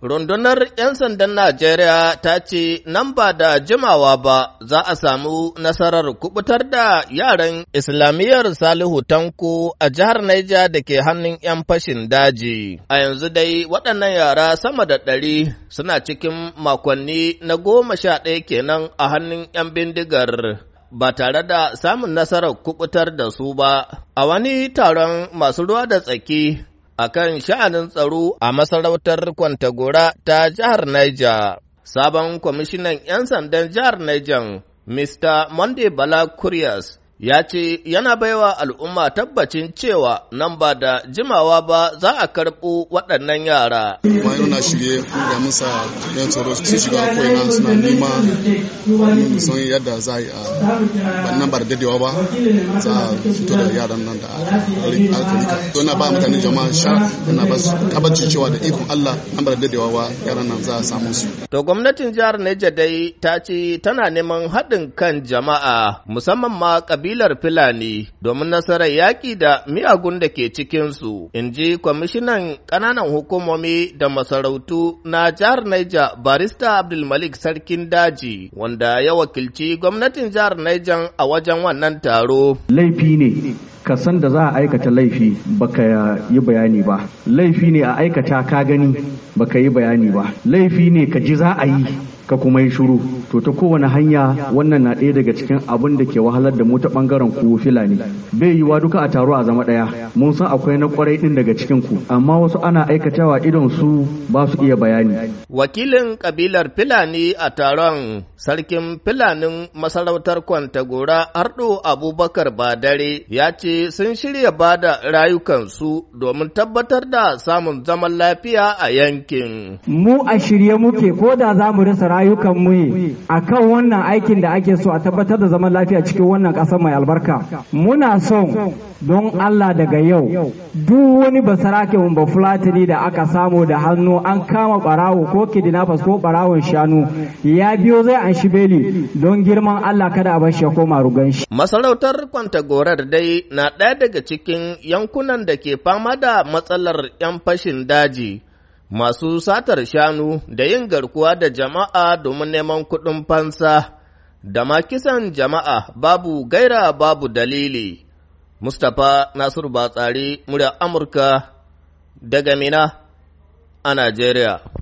Rundunar ‘yan sandan Najeriya ta ce nan ba da jimawa ba za a samu nasarar kubutar da yaran Islamiyyar Salihu Tanko a jihar Naija da ke hannun ‘yan fashin daji. A yanzu dai waɗannan yara sama da ɗari suna cikin makonni na goma sha ɗaya kenan a hannun ‘yan bindigar. ba tare da samun nasarar kubutar da su ba, a wani taron masu ruwa da tsaki a kan sha'anin tsaro a masarautar Kwantagora ta jihar Niger. Sabon kwamishinan 'yan sandan jihar Niger, Mr. Monday Bala Kurias ya ce yana baiwa al'umma tabbacin cewa nan ba da jimawa ba za a karɓo waɗannan yara. bayan na shirye ga musa yan tsoro su shiga ko'ina suna nema sun yadda za a yi a ah, nan ba da dadewa ba za a fito da yaran nan da alkalika to na ba mutane jama'a sha yana ba su kabarci cewa da ikon allah an ba da dadewa ba yaran nan za a samu su. to gwamnatin jihar neja dai ta ce tana neman haɗin kan jama'a musamman ma kabilar fulani domin nasarar yaƙi da miyagun da ke cikinsu in ji kwamishinan ƙananan hukumomi da masarautu na jihar Niger barista Abdulmalik sarkin daji wanda ya wakilci gwamnatin jihar Niger a wajen wannan taro. Laifi ne ka san da za a aikata laifi baka yi bayani ba laifi ne a aikata ka gani baka yi bayani ba laifi ne ka ji za a yi ka kuma yi shuru to ta kowane hanya wannan na ɗaya daga cikin abin da ke wahalar da mu ta ɓangaren ku filani bai yiwuwa duka a taro a zama ɗaya mun san akwai na kwarai ɗin daga cikin ku amma wasu ana aikatawa idon su ba su iya bayani wakilin kabilar filani a taron sarkin filanin masarautar kwantagora ardo abubakar Ba dare, ya ce sun shirya ba da rayukansu domin tabbatar da samun zaman lafiya a yankin mu a shirye muke ko da za mu rasa ayyukan mu kan wannan aikin da ake so a tabbatar da zaman lafiya cikin wannan ƙasar mai albarka muna son don Allah daga yau duk wani basarake ba fulatani da aka samu da hannu an kama barawo ko kidnappers ko barawon shanu ya biyo zai an shi beli don girman Allah kada a bar shi koma rugan shi masarautar kwantagorar dai na ɗaya daga cikin yankunan da ke fama da matsalar 'yan fashin daji masu satar shanu da yin garkuwa da jama'a domin neman kuɗin fansa, da ma kisan jama'a babu gaira babu dalili. Mustapha Nasiru Batsari, murya Amurka, daga Mina a Najeriya.